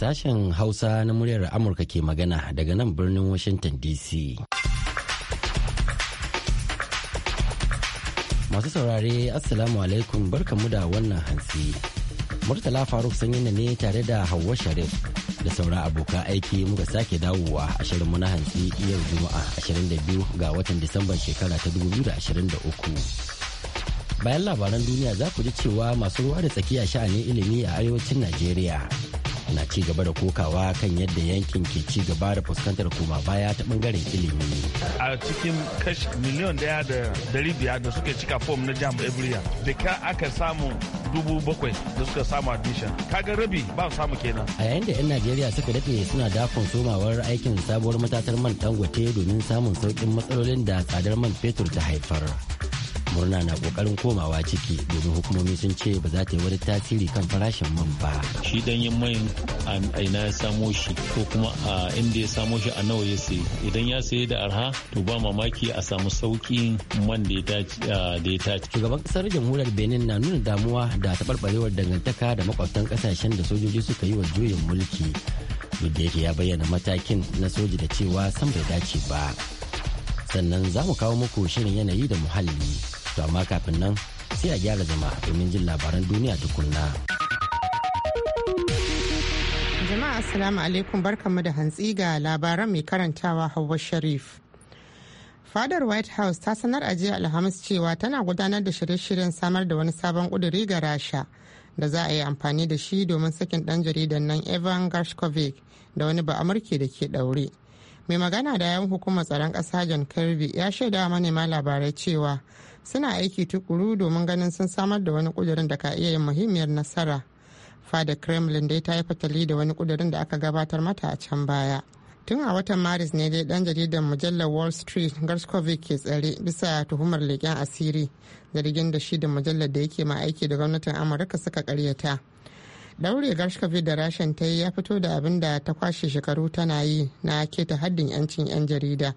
sashen Hausa na muryar Amurka ke magana daga nan birnin Washington DC. Masu saurare Assalamu alaikum barkamu da wannan hantsi. Murtala Faruk sanyina ne tare da Hauwa Sharif da saura abokan aiki muka sake dawowa a shirinmu na hantsi yau Juma'a 22 ga watan Disamban shekara ta 2023. Bayan labaran duniya za ku ji cewa masu ruwa da tsakiya sha'anin ilimi a arewacin Najeriya na ci gaba da kokawa kan yadda yankin ke ci gaba da fuskantar koma baya ta bangaren ilimi. A cikin kashi miliyon daya da dari biyar da suke cika fom na jam every da ka aka samu dubu bakwai da suka samu admission kaga rabi ba samu kenan. A yayin da 'yan Najeriya suka dade suna dakon somawar aikin sabuwar matatar man dangote domin samun sauƙin matsalolin da tsadar man fetur ta haifar. murna na kokarin komawa ciki domin hukumomi sun ce ba za ta yi wani tasiri kan farashin man ba shi danyen mai a ina ya samo shi ko kuma a inda ya samo shi a nawa ya sayi idan ya sayi da arha to ba mamaki a samu sauki man da ya tace shugaban kasar jamhuriyar benin na nuna damuwa da tabarbarewar dangantaka da makwabtan kasashen da sojoji suka yi wa juyin mulki duk da yake ya bayyana matakin na soji da cewa san bai dace ba sannan za mu kawo muku shirin yanayi da muhalli To amma kafin nan sai a gyara zama domin jin labaran duniya tukunna. Jama'a Assalamu alaikum barkanmu da hantsi ga labaran mai karantawa hawa Sharif. Fadar White House ta sanar a jiya Alhamis cewa tana gudanar da shirye-shiryen samar da wani sabon ƙuduri ga Rasha da za a yi amfani da shi domin sakin ɗan jaridan nan Evan gashkovic da wani ba'amurke da ke ɗaure. mai magana da yan hukumar tsaron ƙasa john kirby ya shaida manema labarai cewa suna aiki tukuru domin ganin sun samar da wani kudurin da ka iya yin muhimmiyar nasara fada kremlin dai ta yi fatali da wani kudurin da aka gabatar mata a can baya tun a watan maris ne dai dan jaridar mujallar wall street garskovic ke tsare bisa tuhumar leƙen asiri zargin da shi da mujallar da yake ma aiki da gwamnatin amurka suka karyata daure garskovic da rashin ta yi ya fito da abin da ta kwashe shekaru tana yi na keta haddin 'yancin 'yan jarida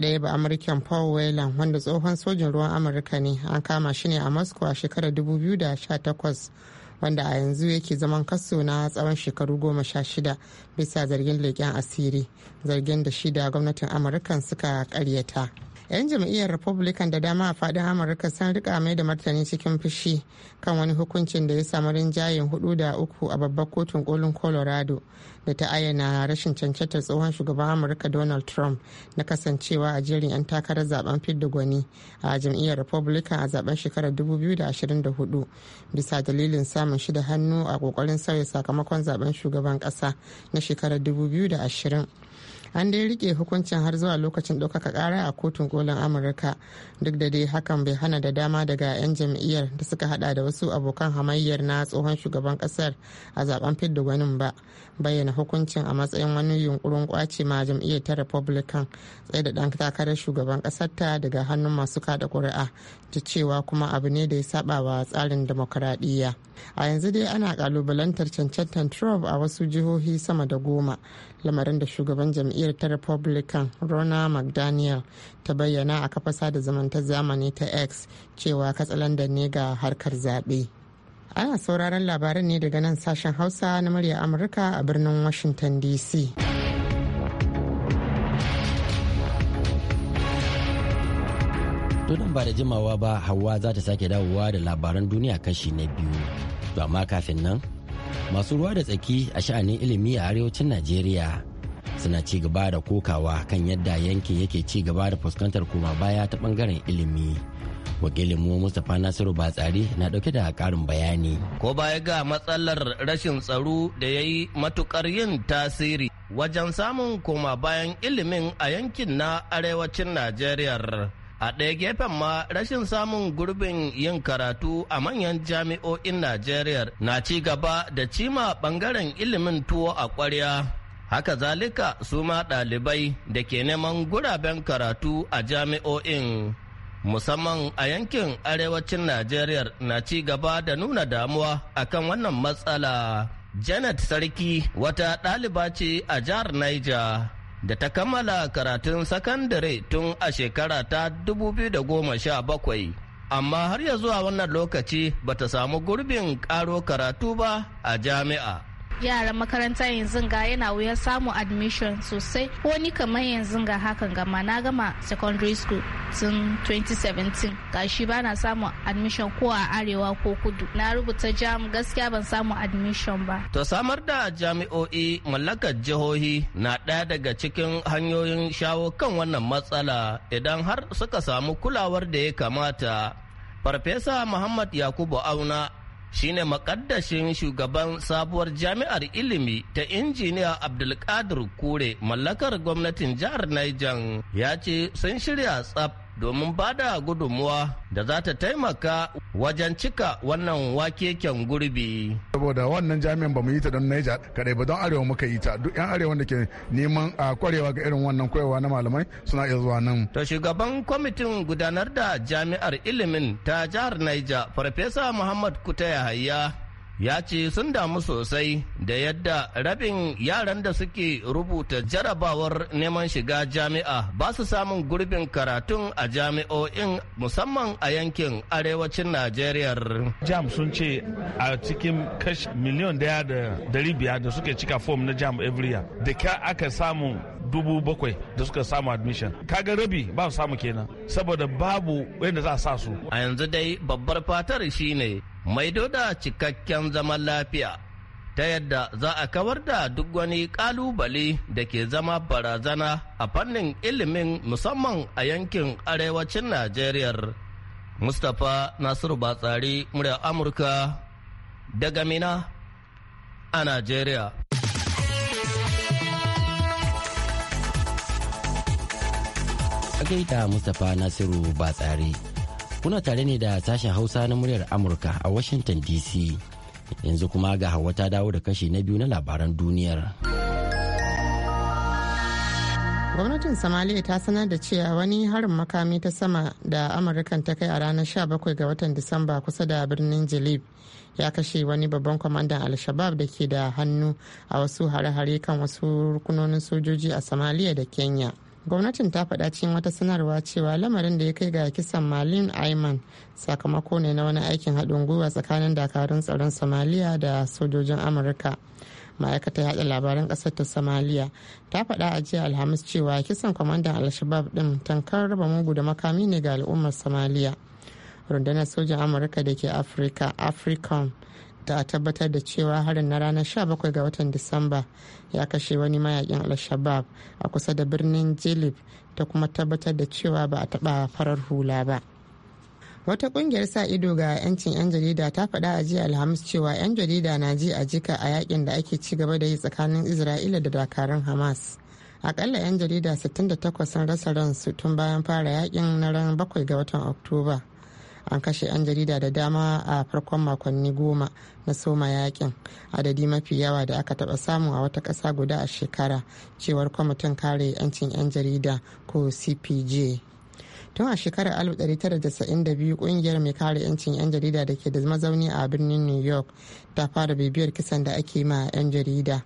ɗaya ba American paul whelan wanda tsohon sojin ruwan amurka ne an kama shi ne a moscow a shekarar 2018 wanda a yanzu yake zaman kaso na tsawon shekaru goma sha shida bisa zargin leƙen asiri zargin da shida gwamnatin amurkan suka ƙaryata. 'yan jam'iyyar republican da dama a faɗin amurka sun rika mai da martani cikin fushi kan wani hukuncin da ya samu rinjayen hudu da uku a babbar kotun kolin colorado da ta ayyana rashin cancantar tsohon shugaban amurka donald trump na kasancewa a jerin 'yan takarar zaben fidda gwani a jam'iyyar republican a zaben shekarar 2024 bisa dalilin samun shida hannu a kokarin sauya sakamakon zaben shugaban kasa na shekarar 2020 an dai rike hukuncin har zuwa lokacin ɗaukaka ƙara a kotun kolin amurka duk da dai hakan bai hana da dama daga 'yan jam'iyyar da suka hada da wasu abokan hamayyar na tsohon shugaban ƙasar a zaben fidda ba bayyana hukuncin a matsayin wani yunkurin kwace ma jam'iyyar ta republican tsaye da ɗan takarar shugaban ƙasar ta daga hannun masu kada ƙuri'a ta cewa kuma abu ne da ya saba wa tsarin demokuraɗiyya a yanzu dai ana kalubalantar cancantar trump a wasu jihohi sama da goma lamarin da shugaban jam'iyyar ta republican rona mcdaniel ta bayyana a kafasa da zamantar zamani ta x cewa katsalandan ne ga harkar zaɓe ana sauraron labaran ne daga nan sashen hausa na murya amurka a birnin washington dc tunan ba da jimawa ba hawa za ta sake dawowa da labaran duniya kashi na biyu ba amma kafin nan masu ruwa da tsaki a sha'anin ilimi a arewacin najeriya suna ci gaba da kokawa kan yadda yankin yake ci gaba da fuskantar koma baya ta bangaren ilimi wakilin mu mustapha nasiru batsari na dauke da karin bayani ko baya ga matsalar rashin tsaro da ya yi matukar yin tasiri wajen samun koma bayan ilimin a yankin na arewacin najeriya A ɗaya gefen ma rashin samun gurbin yin karatu a manyan jami'o'in Najeriya na ci gaba da cima ɓangaren ilimin tuwo a ƙwarya. haka zalika su ma ɗalibai da ke neman guraben karatu a jami'o'in musamman a yankin arewacin najeriya na ci gaba da nuna damuwa akan wannan matsala janet sarki wata ɗaliba ce a jihar niger da ta kammala karatun sakandare tun a shekara ta 2017 amma har ya zuwa wannan lokaci bata samu gurbin karo karatu ba a jami'a yaran makaranta yanzu ga yana wuyar samun admission sosai wani kamar yanzu ga hakan gama na gama secondary school tun 2017 ga shi bana samun admission ko a arewa ko kudu na rubuta jam gaskiya ban samu admission ba to samar da jami'o'i mallakar jihohi na ɗaya daga cikin hanyoyin shawo kan wannan matsala idan har suka samu kulawar da ya kamata farfesa muhammad yakubu auna shine makaddashin shugaban sabuwar jami'ar ilimi ta injiniya abdulkadir kure mallakar gwamnatin jihar Niger ya ce sun shirya tsab domin ba da gudunmuwa da za ta taimaka wajen cika wannan wakeken gurbi. Saboda wannan jami'an ba mu yi ta don Naija kadai ba don arewa muka yi ta duk 'yan arewa da ke neman a kwarewa ga irin wannan koyarwa na malamai suna iya zuwa nan. To shugaban kwamitin gudanar da jami'ar ilimin ta jihar Naija Farfesa Muhammad Kuta Yahaya ya ce sun damu sosai da yadda rabin yaran da suke rubuta jarabawar neman shiga jami'a ba su samun gurbin karatun a jami'o'in musamman a yankin arewacin najeriya jam sun ce a cikin kashi miliyon daya da dari biyar da suke cika fom na jam every year da ka aka samu dubu bakwai da suka samu admission kaga rabi ba su samu kenan saboda babu wanda za a sa su a yanzu dai babbar fatar shine Mai doda cikakken zaman lafiya ta yadda za a kawar da duk wani kalubale da ke zama barazana a fannin ilimin musamman a yankin arewacin najeriya mustapha nasiru batsari murya amurka daga mina a najeriya gaida mustapha nasiru batsari Kuna tare ne da sashen Hausa na muryar Amurka a Washington DC. Yanzu kuma ga hawa ta dawo da kashi na biyu na labaran duniyar. Gwamnatin Somalia ta sanar da cewa wani harin makami ta sama da Amurkan ta kai a ranar 17 ga watan Disamba kusa da birnin Jilib ya kashe wani babban kwamandan al da ke da hannu a wasu hare-hare kan wasu rukunonin sojoji a Somalia da Kenya. gwamnatin ta faɗa cikin wata sanarwa cewa lamarin da ya kai ga kisan malin aiman sakamako ne na wani aikin haɗin gwiwa tsakanin dakarun tsaron somaliya da sojojin amurka ma'aikatar yaɗa labaran ƙasar ta somaliya ta faɗa a jiya alhamis cewa kisan kwamandan al-shabab ɗin tankar raba mugu da makami ne ga al'ummar somaliya rundunar sojin amurka da ke afirka africom ta tabbatar da cewa harin na ranar 17 ga watan disamba ya kashe wani mayakin al a kusa da birnin jilib ta kuma tabbatar da cewa ba a taba farar hula ba wata kungiyar sa ido ga 'yancin 'yan jarida ta faɗa a jiya alhamis cewa 'yan jarida na ji a jika a yakin da ake ci gaba da yi tsakanin isra'ila da dakarun hamas akalla 'yan jarida 68 sun rasa ransu tun bayan fara yakin na ran 7 ga watan oktoba an kashe 'yan jarida da dama a farkon makonni goma na soma yakin adadi mafi yawa da aka taba samu a wata ƙasa guda a shekara cewar kwamitin kare 'yancin 'yan jarida ko cpj tun a shekarar 1992 kungiyar mai kare 'yancin 'yan jarida da ke da mazauni a birnin new york ta fara bibiyar kisan da ake ma 'yan jarida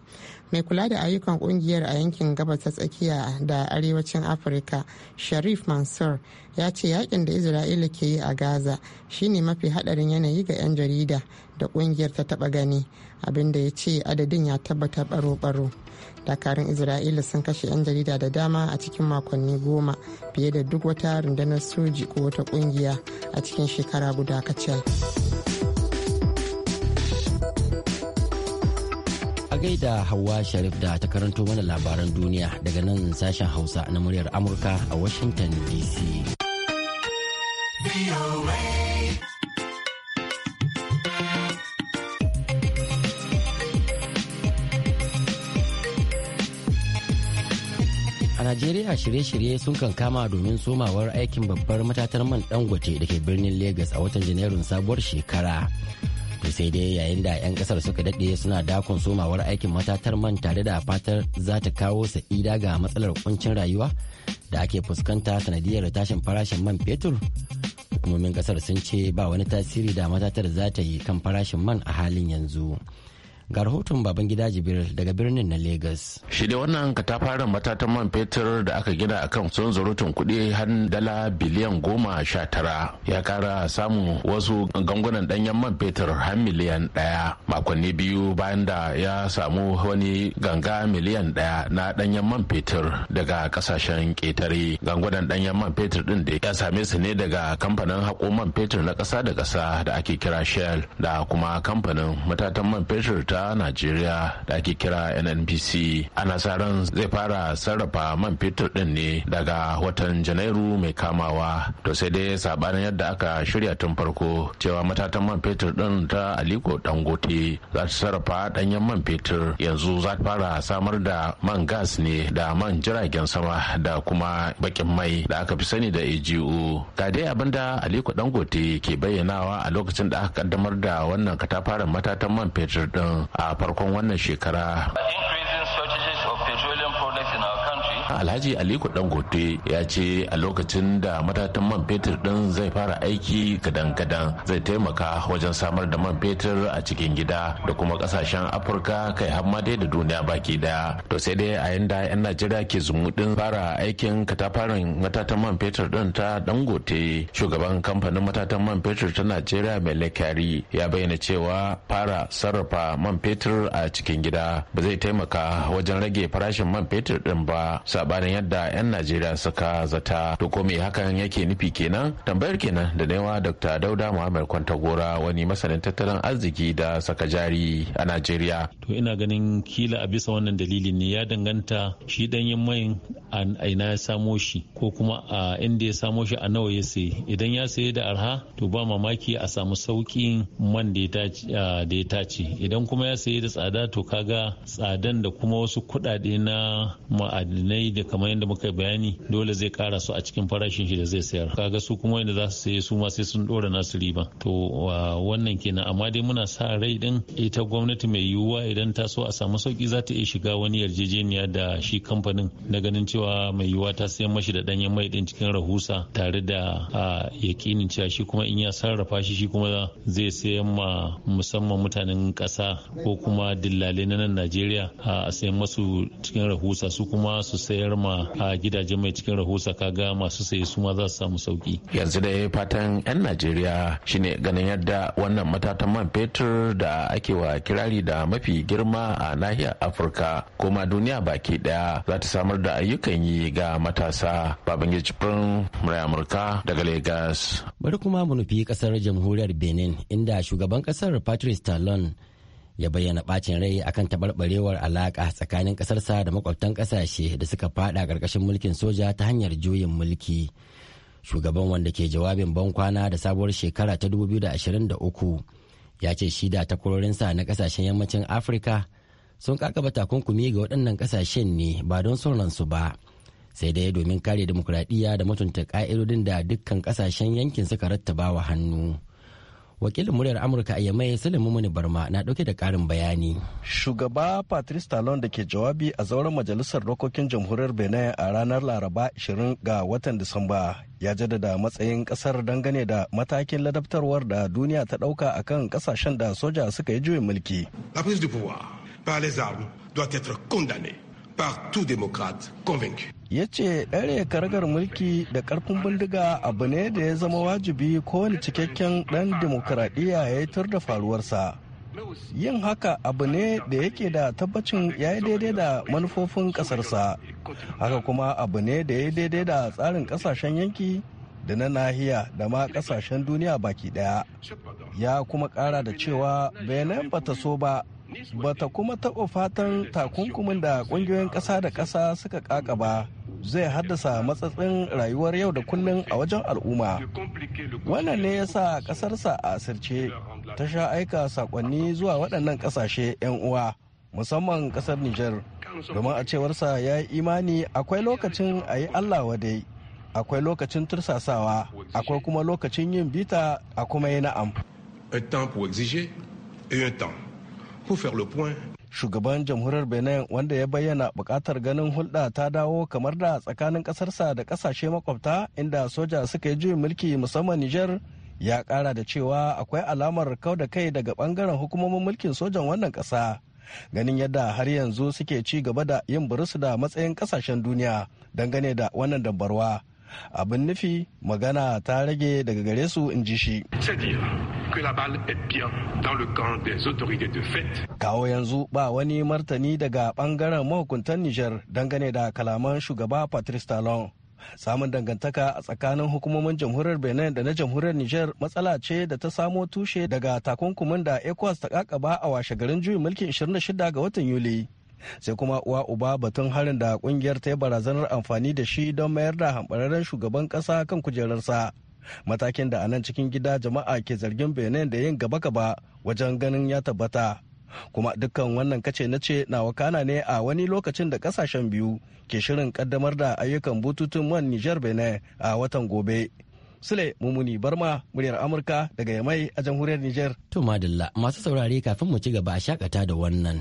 mai kula da ayyukan kungiyar a yankin gabas ta tsakiya da arewacin afirka sharif mansur ya ce yakin da isra'ila ke yi a gaza shine mafi hadarin yanayi ga 'yan jarida da kungiyar ta taba gani abinda ya ce adadin ya tabbata baro-baro dakarun isra'ila sun kashe 'yan jarida da dama a cikin makonni goma fiye da duk wata rundunar soji ko wata kungiya a cikin shekara guda kacal. A gaida Hauwa Sharif da ta karanto mana labaran duniya daga nan sashen Hausa na muryar Amurka a Washington DC. A Najeriya shirye-shirye sun kankama domin somawar aikin babbar matatar man dangote da ke birnin Legas a watan Janairun sabuwar shekara. sai dai yayin da 'yan kasar suka daɗe suna dakon somawar aikin matatar man tare da fatar za ta kawo sa'ida ga matsalar kuncin rayuwa da ake fuskanta sanadiyar tashin farashin man fetur hukumomin kasar sun ce ba wani tasiri da matatar za ta yi kan farashin man a halin yanzu. ga rahoton baban gida jibril daga birnin na lagos shi da wannan katafaren matatan man fetur da aka gina a kan sun zurutun kuɗi har dala biliyan goma sha tara ya kara samun wasu gangunan ɗanyen man fetur har miliyan ɗaya makonni biyu bayan da ya samu wani ganga miliyan ɗaya na ɗanyen man fetur daga ƙasashen ƙetare gangunan ɗanyen man fetur ɗin da ya same su ne daga kamfanin haƙo man fetur na ƙasa da ƙasa da ake kira shell da kuma kamfanin matatan man fetur ta najeriya da ake kira nnpc ana nasarar zai fara sarrafa man fetur din ne daga watan janairu mai kamawa to sai dai sabanin yadda aka shirya tun farko cewa matatan man fetur din ta aliko dangote za ta sarrafa danyen man fetur yanzu za ta fara samar da man gas ne da man jiragen sama da kuma bakin mai da aka fi sani da AGO. Ga dai abin da Aliko Dangote ke bayyanawa a lokacin da aka kaddamar da wannan katafaren matatan man fetur din a farkon wannan shekara. alhaji aliko dangote ya ce a lokacin da matatan man fetur din zai fara aiki gadan-gadan zai taimaka wajen samar da man fetur a cikin gida da kuma kasashen afirka kai har ma dai da duniya baki daya to sai dai a yanda yan najeriya ke zumuɗin fara aikin katafaren matatan man fetur din ta dangote shugaban kamfanin matatan man fetur ta najeriya mai lekari ya bayyana cewa fara sarrafa man fetur a cikin gida ba zai taimaka wajen rage farashin man fetur din ba sabanin yadda 'yan najeriya suka zata to ko me hakan yake nufi kenan tambayar kenan da yawa dr dauda muhammad kwantagora wani masanin tattalin arziki da saka jari a najeriya to ina ganin kila a bisa wannan dalilin ne ya danganta shi danyen mai a ina ya samo shi ko kuma a inda ya samo shi a nawa ya sayi idan ya sayi da arha to ba mamaki a samu sauƙin man da ya tace idan kuma ya sayi da tsada to kaga tsadan da kuma wasu kuɗaɗe na ma'adinai yi da kamar yadda muka bayani dole zai kara su a cikin farashin shi da zai sayar kaga su kuma yadda za su saye su ma sai sun dora nasu riba to wannan kenan amma dai muna sa rai din ita gwamnati mai yiwuwa idan ta so a samu sauki za ta iya shiga wani yarjejeniya da shi kamfanin na ganin cewa mai yiwuwa ta sayan mashi da danyen mai din cikin rahusa tare da yakinin cewa shi kuma in ya sarrafa shi shi kuma zai sayan ma musamman mutanen ƙasa ko kuma dillalai na nan Najeriya a sayan masu cikin rahusa su kuma su sayar ma a gidaje mai cikin rahusa kaga masu saye su ma za su samu sauki yanzu da fatan yan najeriya shine ganin yadda wannan matatan man fetur da ake wa kirari da mafi girma a nahiyar afirka kuma duniya baki daya za ta samar da ayyukan yi ga matasa babangiji firin murai amurka daga lagos bari kuma mu nufi kasar jamhuriyar benin inda shugaban kasar patrice talon ya bayyana bacin rai akan tabarbarewar alaƙa tsakanin ƙasarsa da makwabtan ƙasashe da suka fada ƙarƙashin mulkin soja ta hanyar juyin mulki shugaban wanda ke jawabin bankwana da sabuwar shekara ta 2023 ya ce shi da kurorinsa na kasashen yammacin afirka sun kakaba takunkumi ga waɗannan ƙasashen ne ba don son ransu ba sai dai domin kare demokuraɗiyya da mutunta ƙa'idodin da dukkan ƙasashen yankin suka rattaba wa hannu. wakilin muryar amurka a yamai sulaimu barma na dauke da karin bayani shugaba patrice talon da ke jawabi a zauren majalisar dokokin jamhuriyar benin a ranar laraba 20 ga watan disamba ya jaddada matsayin kasar dangane da matakin ladabtarwar da duniya ta dauka akan kasashen da soja suka yi juyin mulki la prise du pouvoir par les armes doit être par tout démocrate convaincu ya ce ɗare karagar mulki da ƙarfin bindiga abu ne da ya zama wajibi kowane cikakken ɗan demokuraɗiyya ya yi tur da faruwarsa yin haka abu ne da yake da tabbacin ya yi daidai da manufofin ƙasarsa haka kuma abu ne da ya yi daidai da tsarin ƙasashen yanki da na nahiya da ma ƙasashen duniya baki ɗaya ya kuma ƙara da cewa benin bata so ba bata kuma taɓa fatan takunkumin da ƙungiyoyin ƙasa da ƙasa suka ƙaƙa ba. zai haddasa matsatsin rayuwar yau da kullum a wajen al'umma wannan ne ya sa ƙasarsa a sirce ta sha aika sakonni zuwa waɗannan ƙasashe 'yan uwa musamman ƙasar nijar domin a cewarsa ya yi imani akwai lokacin a yi allah wadai akwai lokacin tursasawa akwai kuma lokacin yin bita a kuma yi na'am un temps pour exiger et un temps pour faire point shugaban jamhuriyar benin wanda ya bayyana bukatar ganin hulɗa ta dawo kamar da tsakanin ƙasarsa da ƙasashe makwabta inda soja suka yi juyin mulki musamman niger ya kara da cewa akwai alamar kau da kai daga bangaren hukumomin mulkin sojan wannan ƙasa ganin yadda har yanzu suke ci gaba da yin burusu da matsayin ƙasashen duniya dangane da wannan dabbarwa abin nufi magana ta rage daga gare su in ji shi que la balle est bien dans le camp des autorités de fait. Kawo yanzu ba wani martani daga bangaren mahukuntan niger dangane da kalaman shugaba Patrice Talon. Samun dangantaka a tsakanin hukumomin jamhuriyar Benin da na jamhuriyar niger matsala ce da ta samo tushe daga takunkumin da ECOWAS ta kakaba a washe garin juyin mulkin 26 ga watan Yuli. sai kuma uwa uba batun harin da kungiyar ta yi barazanar amfani da shi don mayar da hambararren shugaban kasa kan kujerarsa matakin da anan cikin gida jama'a ke zargin benin da yin gaba-gaba wajen ganin ya tabbata kuma dukkan wannan kace na ce na wakana ne a wani lokacin da kasashen biyu ke shirin kaddamar da ayyukan bututun man niger benin a watan gobe sule mumuni barma muryar amurka daga yamai a jamhuriyar niger to madalla masu saurare kafin mu ci gaba a shakata da wannan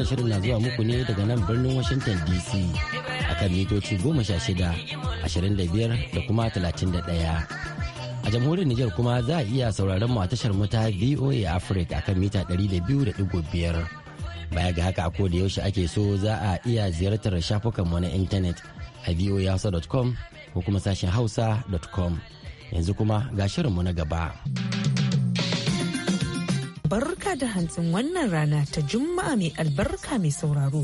wannan shirin na zuwa muku ne daga nan birnin Washington DC akan mitoci goma 16, 25 da kuma talatin da ɗaya. A jamhuriyar Nijar kuma za a iya sauraron mu a tashar mu ta VOA Africa akan mita ɗari da da 200.5. Baya ga haka a da yaushe ake so za a iya ziyartar shafukan mu na intanet a voahausa.com ko kuma sashen hausa.com. Yanzu kuma ga shirinmu na gaba. barka da hantsin wannan rana ta juma'a mai albarka mai sauraro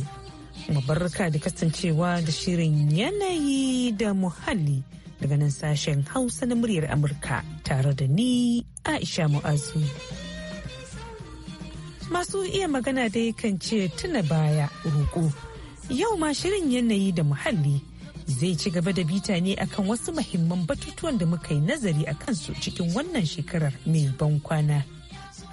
kuma barka da kasancewa da shirin yanayi da muhalli daga nan sashen hausa na muryar amurka tare da ni aisha mu'azu masu iya magana da yakan ce tuna baya roƙo yau ma shirin yanayi da muhalli zai ci gaba da bita ne akan wasu mahimman batutuwan da muka yi nazari a kansu cikin wannan shekarar mai ban kwana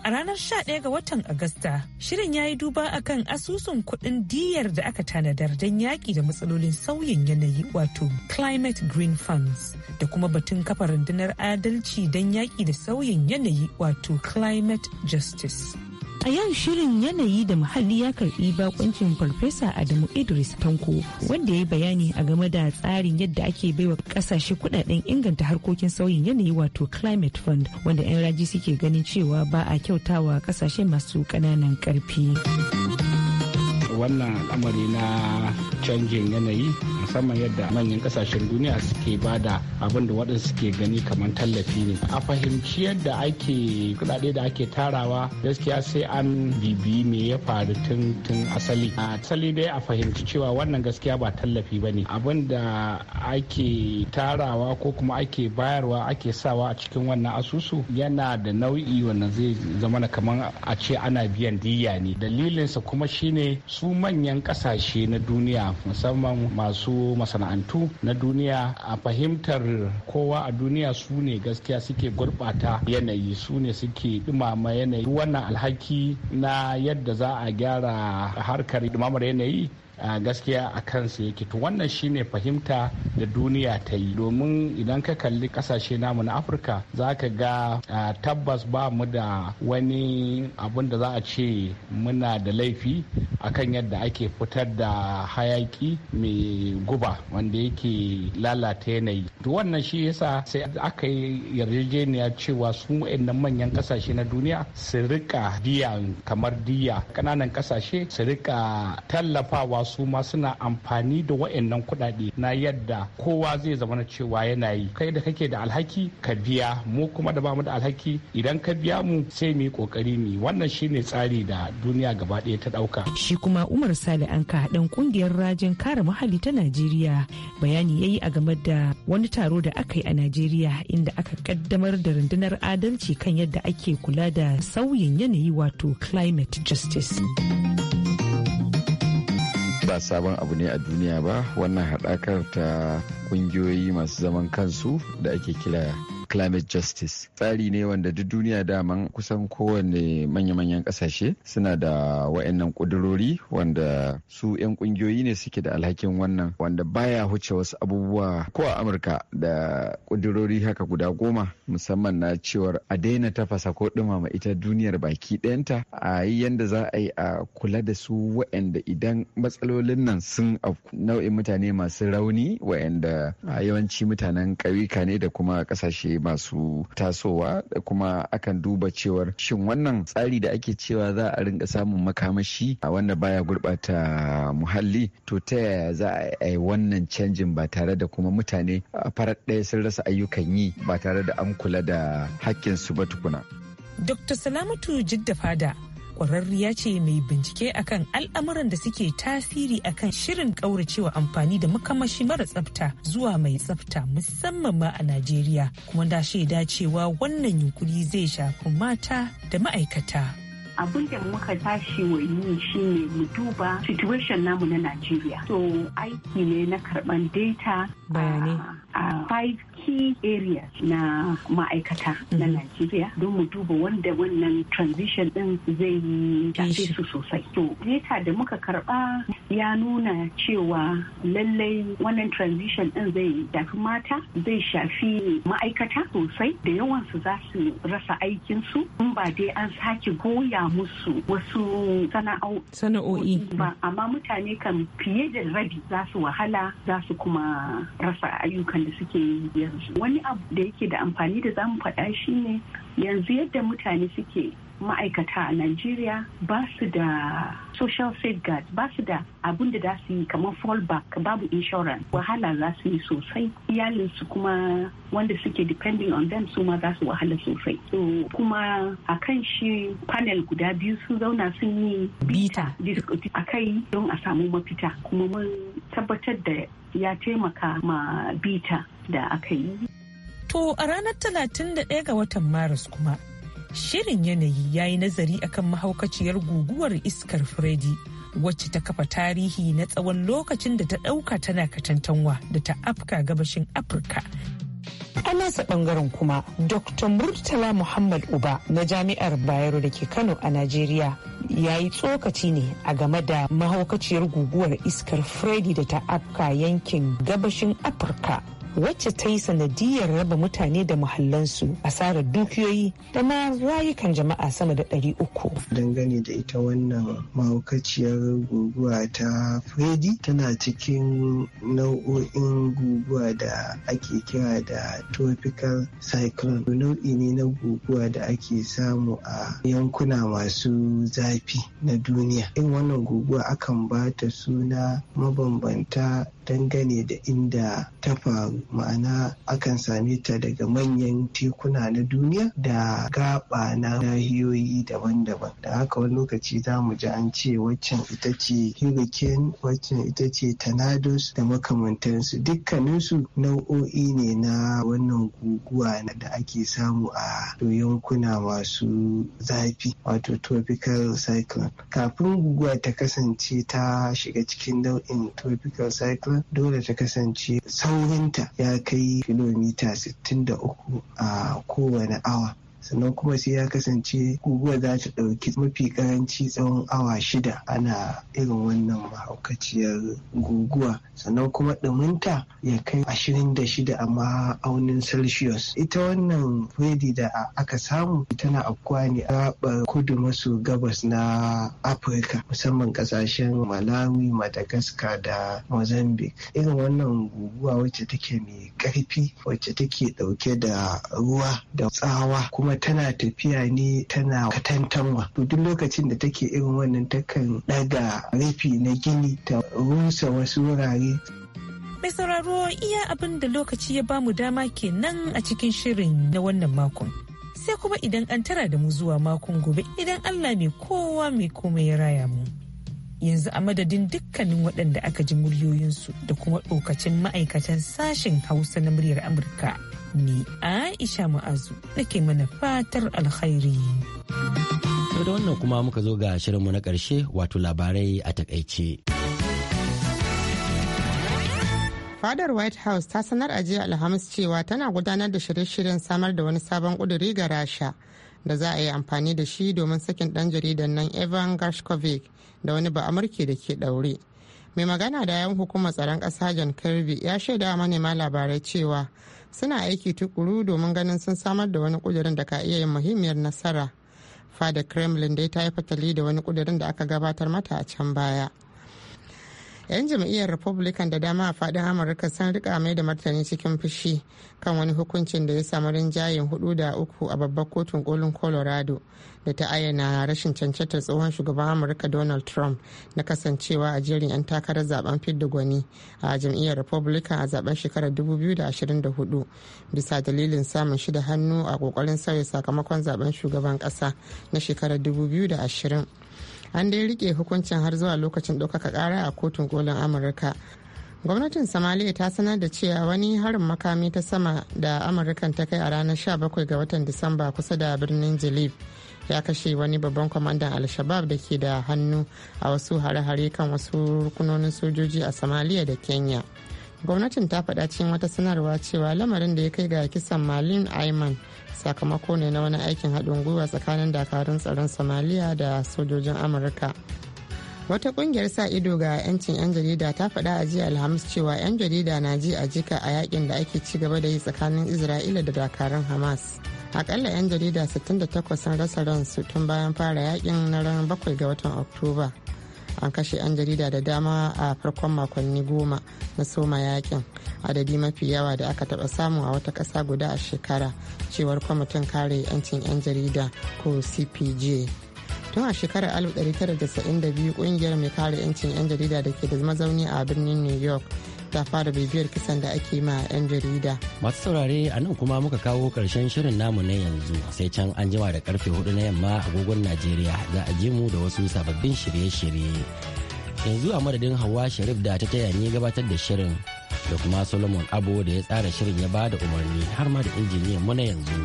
A ranar 11 ga watan Agusta, shirin ya yi duba akan asusun kuɗin diyar da aka tanadar don yaƙi da matsalolin sauyin yanayi wato Climate Green Funds da kuma batun kafa rundunar adalci don yaƙi da sauyin yanayi wato Climate Justice. A yau shirin yanayi da muhalli ya karbi bakuncin Farfesa Adamu Idris Tanko wanda ya yi bayani a game da tsarin yadda ake baiwa kasashe kudaden inganta harkokin sauyin yanayi wato Climate Fund wanda 'yan raji suke ganin cewa ba a kyautawa kasashe masu ƙananan ƙarfi. wannan al'amari na canjin yanayi musamman yadda manyan kasashen duniya suke ba da abin da waɗansu suke gani kamar tallafi ne a fahimci yadda ake kuɗaɗe da ake tarawa gaskiya sai an bibi me ya faru tun tun asali asali dai a fahimci cewa wannan gaskiya ba tallafi ba ne abin da ake tarawa ko kuma ake bayarwa ake sawa a cikin wannan asusu yana da nau'i wannan zai zama kamar a ce ana biyan diyya ne dalilinsa kuma shine su su manyan kasashe na duniya musamman masu masana'antu na duniya a fahimtar kowa a duniya su ne gaskiya suke gurɓata yanayi su ne suke dumama yanayi wannan alhaki na yadda za a gyara harkar dumamar yanayi gaskiya a kansu yake to wannan shine fahimta da duniya ta yi domin idan ka kalli kasashe namu na afirka za ka ga tabbas ba mu da wani abin da za a ce muna da laifi akan yadda ake fitar da hayaki mai guba wanda yake lalata yanayi to wannan shi yasa sai aka yi yarjejeniya cewa su wa'annan manyan kasashe na duniya su rika diya kamar diya ƙananan kasashe su rika tallafawa su ma suna amfani da wa'annan kuɗaɗe na yadda kowa zai zama na cewa yana yi kai da kake da alhaki ka biya mu kuma da bamu da alhaki idan ka biya mu sai mu yi kokari mu wannan shine tsari da duniya gaba ɗaya ta ɗauka. Shi kuma Umar Sale an ka haɗin kungiyar rajin kare muhalli ta Najeriya bayani yayi a game da wani taro da aka yi a Najeriya inda aka kaddamar da rundunar adalci kan yadda ake kula da sauyin yanayi wato climate justice. ba sabon abu ne a duniya ba wannan haɗakar ta ƙungiyoyi masu zaman kansu da ake kira climate justice tsari ne wanda duk duniya daman kusan kowane manya-manyan kasashe suna da wa'annan kudurori wanda su 'yan kungiyoyi ne suke da alhakin wannan wanda baya huce wasu abubuwa ko a amurka da kudurori haka guda goma musamman na cewar a daina tafasa ko dumama ita duniyar baki ɗayanta a yi yanda za a yi a kula da su wa'anda idan matsalolin nan sun nau'in mutane masu rauni wa'anda yawanci mutanen ƙauyuka ne da kuma ƙasashe masu tasowa da kuma akan duba cewar shin wannan tsari da ake cewa za a rinka samun makamashi a wanda baya gurɓata muhalli to ta yaya za a yi wannan canjin ba tare da kuma mutane a farar ɗaya sun rasa ayyukan yi ba tare da an kula da hakkin su ba tukuna. Dr. Salamatu Jidda Fada kwararriya ce mai bincike akan al'amuran da suke tasiri akan shirin kauracewa amfani da makamashi mara tsafta zuwa mai tsafta musamman ma a Najeriya kuma da shaida cewa wannan yunkuri zai shafi mata da ma'aikata. abin da muka tashi wa yi shine mu duba situation namu na Najeriya. So aiki ne na karban data bayanai a key areas na ma'aikata na mhm. Najeriya don mu duba wanda wannan transition din zai yi tafi su sosai. To, data da muka karba ya nuna cewa lallai wannan transition din zai tafi mata, zai shafi ma'aikata sosai da yawansu za su rasa aikinsu in ba dai an sake goya musu wasu sana'o'i ba. Amma mutane kan fiye da rabi za su wahala za su kuma rasa ayyukan da suke yi yanzu wani abu da yake da amfani da zamu faɗa shi ne yanzu yadda mutane suke ma'aikata a Najeriya ba su da social safeguard ba su da abin da za su yi kamar fallback babu insurance wahala za su yi sosai iyalinsu kuma wanda suke depending on them su ma za su wahala sosai so kuma a kan shi panel guda biyu sun zauna sun yi bita a kai don a samu mafita kuma mun tabbatar da ya taimaka ma bita da aka yi. To a ranar 31 ga watan Maris kuma, shirin yanayi ya yi nazari akan mahaukaciyar guguwar iskar Freddy wacce ta kafa tarihi na tsawon lokacin da ta ɗauka tana katantanwa da ta afka gabashin Afirka. A nasa bangaren kuma, Dr. Murtala Muhammad Uba na Jami'ar Bayero da ke Kano a Najeriya ya yi tsokaci ne a game da mahaukaciyar guguwar iskar Freddy da ta afka yankin gabashin Afirka. wacce ta yi sanadiyar raba mutane da muhallansu asarar dukiyoyi da ma rayukan jama'a sama da ɗari uku. Dangane da ita wannan mahaukaciyar guguwa ta Freddy tana cikin nau'o'in guguwa da ake kira da tropical cyclone. Nau'i ne na guguwa da ake samu a yankuna masu zafi na duniya. In wannan guguwa akan ba ta suna mabambanta dangane da inda ta faru ma'ana akan same ta daga manyan tekuna na duniya da gaba na nahiyoyi daban-daban da haka wani lokaci za mu ji an ce waccan ita ce hurricane waccan ita ce tornadoes da makamantansu dukkaninsu nau'o'i ne na wannan guguwa da ake samu a yankuna masu zafi wato tropical cyclone kafin guguwa ta kasance ta shiga cikin nau'in tropical cyclone ba dole ta kasance saurinta ya kai kilomita 63 a kowane awa sannan kuma sai ya kasance guguwa za ta ɗauki mafi karanci tsawon awa shida ana irin wannan mahaukaciyar guguwa sannan kuma ɗuminta ya kai ashirin da shida a maaunin celsius ita wannan Freddy da aka samu tana afkuwa ne a kudu maso gabas na afirka musamman ƙasashen malawi madagascar da mozambique irin wannan guguwa wacce take mai ƙarfi wacce take ɗauke da ruwa da tsawa kuma kuma tana tafiya ne tana katantanwa to duk lokacin da take irin wannan takan daga rufi na gini ta rusa wasu wurare mai sauraro iya abin da lokaci ya bamu dama kenan a cikin shirin na wannan makon sai kuma idan an tara da mu zuwa makon gobe idan allah mai kowa mai komai ya raya mu yanzu a madadin dukkanin waɗanda aka ji muryoyinsu da kuma ɗokacin ma'aikatan sashen hausa na muryar amurka ne aisha ma'azu ke mana fatar alkhairi da wannan kuma muka zo ga shirinmu na ƙarshe wato labarai a takaice fadar white house ta sanar a jiya alhamis cewa tana gudanar da shirye-shiryen samar da wani sabon ƙuduri ga rasha da za a yi amfani da shi domin sakin ɗan jaridan nan evan gashkovic da wani ba'amurke da ke daure mai magana da yan hukumar tsaron kasa john kirby ya shaida manema labarai cewa suna aiki tukuru domin ganin sun samar da wani kudirin da ka iya yin muhimmiyar nasara fada kremlin dai ta yi fatali da wani kudirin da aka gabatar mata a can baya 'yan jam'iyyar republican da dama a fadin amurka sun rika mai da martani cikin fushi kan wani hukuncin da ya samu rinjayen hudu da uku a babbar kotun kolin colorado da ta ayyana rashin cancantar tsohon shugaban amurka donald trump na kasancewa a jerin 'yan takarar zaben fidda gwani a jam'iyyar republican a zaben shekarar 2024 bisa dalilin samun shida hannu a kokarin sauya sakamakon zaben shugaban kasa na shekarar 2020 an dai rike hukuncin har zuwa lokacin ɗaukaka ƙara a kotun kolin amurka gwamnatin samariya ta sanar da cewa wani harin makami ta sama da amurkan ta kai a ranar 17 ga watan disamba kusa da birnin jilib ya kashe wani babban kwamandan al da ke da hannu a wasu hare-hare kan wasu rukunonin sojoji a samaliya da kenya gwamnatin ta faɗa cikin wata sanarwa cewa lamarin da ya kai ga kisan malin aiman. sakamako ne na wani aikin haɗin gwiwa tsakanin dakarun tsaron samaliya da sojojin amurka wata kungiyar sa ido ga 'yancin 'yan jarida ta faɗa a jiya alhamis cewa 'yan jarida na ji a jika a yakin da ake ci gaba da yi tsakanin isra'ila da dakarun hamas akalla 'yan jarida 68 sun rasa ransu tun bayan fara yakin na ran 7 ga watan oktoba an kashe 'yan jarida da dama a farkon makonni goma na soma yakin adadi mafi yawa da aka taba samu a wata ƙasa guda a shekara cewar kwamitin kare 'yancin 'yan jarida ko cpj tun a shekarar 1992 kungiyar mai kare 'yancin 'yan jarida da ke da mazauni a birnin new york ta fara bibiyar kisan da ake ma 'yan jarida. Masu saurare a nan kuma muka kawo karshen shirin namu na yanzu sai can an jima da karfe hudu na yamma a agogon Najeriya za a je mu da wasu sababbin shirye-shirye. Yanzu a madadin Hawa Sharif da ta taya ni gabatar da shirin da kuma Solomon Abo da ya tsara shirin ya bada umarni har ma da injiniyan mu na yanzu.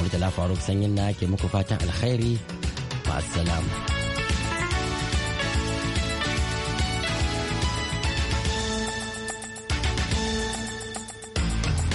Murtala Faruk Sanyin na ke muku fatan alkhairi. ma'asalamu.